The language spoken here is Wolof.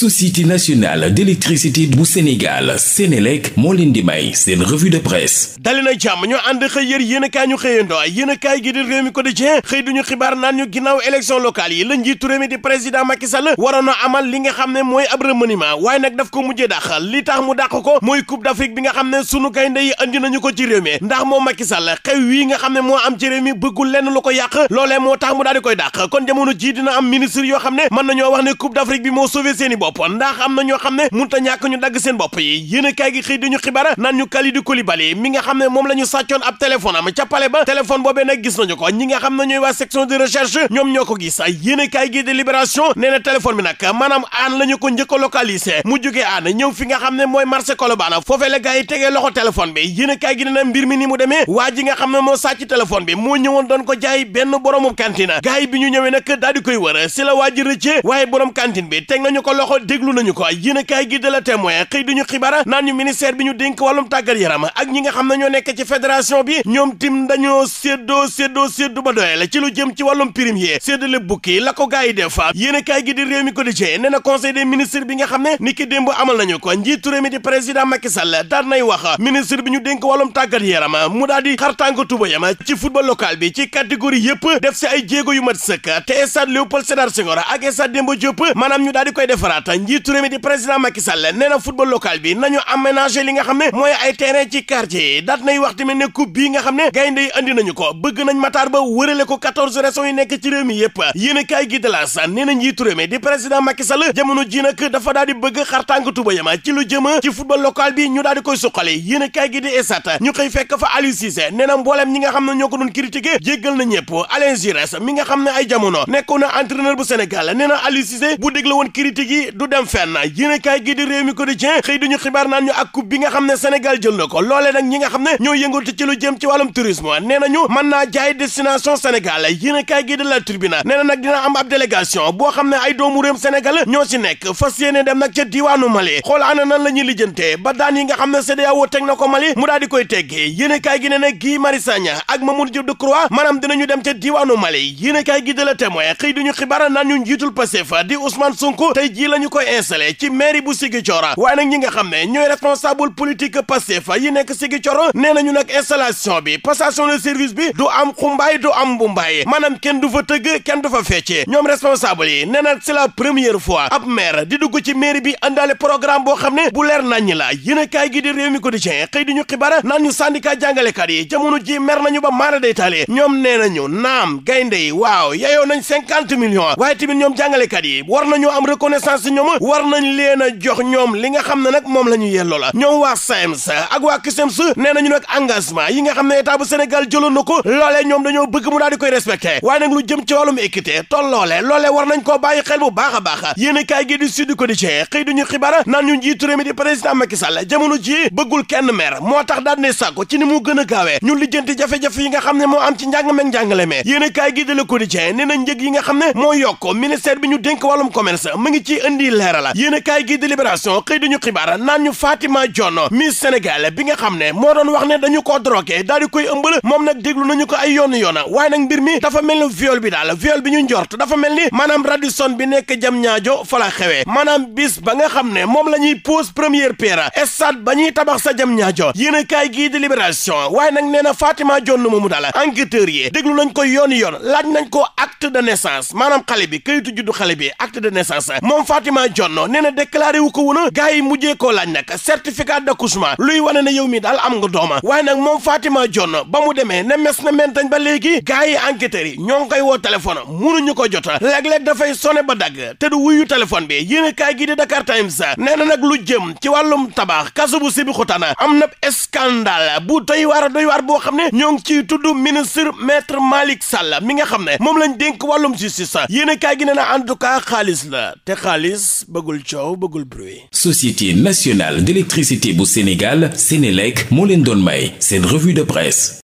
société nationale d'électricité bu Sénégal Sénélec moo leen di seen revue de presse dali na jàmm ñu ànd xëy yër yéen a ñu xëyandoo yéen a kaay gi di réew mi quotidien xëy duñu xibaar naan ñu ginnaaw élection locale yi la njiitu réew di président Macky Sall waroon amal li nga xam ne mooy ab remaniement waaye nag daf ko mujjee dàq li tax mu dàq ko mooy coupe d'Afrique bi nga xam ne sunu gaynde yi andi nañu ko ci réew ndax moom Macky xew wii nga xam ne moo am ci réew mi bëggul lenn lu moo yoo xam ne mën bopp ndax am na ñoo xam ne munta ñàkk ñu dagg seen bopp yi yéenekaay gi xëy dañu xibaar naan ñu Kalidou Koulibaly mi nga xam ne moom la ñu sàccoon ab téléphone am ca pale ba téléphone boobee nag gis nañu ko ñi nga xam ne ñooy waa section de recherche ñoom ñoo ko gis yéenekaay gi de Libération nee na bi nag maanaam aan la ñu ko njëkk a localisé mu jógee aan ñëw fi nga xam ne mooy marché Colobane foofee la gars yi tegee loxo téléphone bi yéenekaay gi ne moo sàcc téléphone bi moo ñëwoon doon ko jaay benn boroomu cantine gars yi bi ñu ñëwee daal di waa ji rëccee waaye boroom cantine bi teg ko loxo déglu nañu ko yéenekaay gi de la témoin xëy ñu xibara naa ñu ministère bi ñu dénk wàllum tàggat yaram ak ñi nga xam ne ñoo nekk ci fédération bi ñoom tim dañoo séddoo séddoo séddu ba doyale ci lu jëm ci wàllum prime yi séddale bukki la ko gars yi def yéenekaay gi di réew mi ko di jee nee na conseil des ministre bi nga xam ne ni ki démb amal nañu ko njiitu réew mi di président Macky Sall daan nay wax ministre bi ñu dénk wàllum tàggat yaram mu daal di xartànga tubayam ci football bi ci catégorie yëpp def si ay jéego yu mat sëkk te stade Léopold Sédar Senghor ak stade Demba Diop ñu daal di koy defaraat tax njiitu réew mi di président Macky Sall nee na football bi nañu aménager li nga xam ne mooy ay terrain ci quartier yi nay wax ne coupe bii nga xam ne gaynde yi andi nañu ko bëgg nañ mataar ba wërale ko quatorze régions yi nekk ci réew mi yëpp yéen a kaay gi de la sa nee na njiitu réew mi di président Macky Sall jamono ji nag dafa daal di bëgg xartànk tuba yama ci lu jëm ci football local bi ñu daal di koy suqali yéen a kaay gi di esat ñu koy fekk fa Aliou Cissé nee na mbooleem ñi nga xam ne nga xam ne ay jamono nekkoon na entraîneur bu Sénégal nee woon critique du dem na fenn yéenekaay gi di Rewmi Quotidien xëy duñu xibaar naan ñu ak ku bi nga xam ne Sénégal jël na ko loole nag ñi nga xam ne ñoo yëngatu ci lu jëm ci wàllum tourisme nee nañu mën naa jaay destination Sénégal yéenekaay gi di La Tribune nee na nag dina am ab délégation boo xam ne ay doomu réew Sénégal ñoo ci nekk fas yéene dem nag ca diwaanu Mali xool ana nan la ñuy lijjantee ba daan yi nga xam ne CEDEAO teg na ko Mali mu daal di koy teggi yéenekaay gi nee na Guy Marius Sagna ak Mamadou Diop Decroix maanaam dinañu dem ca diwaanu Mali yéenekaay gi di La Témoin xëy duñu xibaar naan ñu njiitul Pastef di Ousmane Sonko tey jii ñu koy installé ci mairie bu Ziguinchor waaye nag ñi nga xam ne ñooy responsable politique Pastef yi nekk Ziguinchor nee nañu nag installation bi passation de service bi du am xumbaay du am mbumbaay maanaam kenn du fa tëgg kenn du fa fecce ñoom responsable yi nee na c'est la première fois ab maire di dugg ci mairie bi àndaale programme boo xam ne bu leer nañ la yéen kaay gi di réew mi quotidien xëy di ñu xibaar naan ñu syndicat jàngalekat yi jamono ji mer nañu ba maara day taale ñoom nee nañu naam gaynde yi waaw yayoo nañ cinquante millions waaye tamit ñoom jàngalekat yi war nañu ñoom war nañ leen jox ñoom li nga xam ne nag moom la ñu yelloo la ñoom waa SAEMS ak waa su nee nañu nag engagement yi nga xam ne état bu Sénégal jëloon na ko loolee ñoom dañoo bëgg mu daal di koy respecté waaye nag lu jëm ci wàllum équité tolloole loolee war nañ koo bàyyi xel bu baax a baax yéen a kaay gi di Sud Quotidien xëy duñu xibaar naan ñu njiitu réew mi di président Macky Sall jamono ji bëggul kenn mer moo tax daal ne sàkku ci ni mu gën a gaawee ñu lijjanti jafe-jafe nga xam ne moo am ci njàng meeg njàngale mee yéen na njëg yi nga xam ne moo yokk ministère ñu dénk wàllum commerce mu ngi ci indi indi leerala yéen a kaay gi di libération xëy dañu xibaar naan ñu Fatima Dione Miss Sénégal bi nga xam ne moo doon wax ne dañu nañu ko yoon la xewee maanaam bis ba nga xam ne ba ñuy tabax a kaay gii di libération waaye nag nee na Fatima Dione moomu daal enquêteurs yi déglu nañ ko yoon yoon laaj nañ ko acte de naissance maanaam xale bi kayitu juddu xale bi acte de naissance moom Fatima Fatima Jonn nee na déclaré wu ko woon gars yi mujjee koo laaj nag certificat d'accouchement luy wane ne yow mi daal am nga dooma waaye nag moom Fatima Jonn ba mu demee ne mes na mentañ ba léegi gars yi ñoom yi woo ngi koy woo téléphone mënuñu ko jota léeg-léeg dafay sone ba dagg te du wuyu téléphone bi yéen kaay gi di Dakar Times nee na nag lu jëm ci wàllum tabax kasu bu sibi xutana am na scandale bu doy waar a doy waar boo xam ne ñoo ngi ciy tudd ministre maître Malick Sall mi nga xam ne moom lañ dénk wàllum justice yéen kaay gi nee na en tout cas xaalis la fës bëggul coow bëggul bruit. Société nationale d'électricité bu Sénégal Sénélec moo leen doon may seen revue de presse.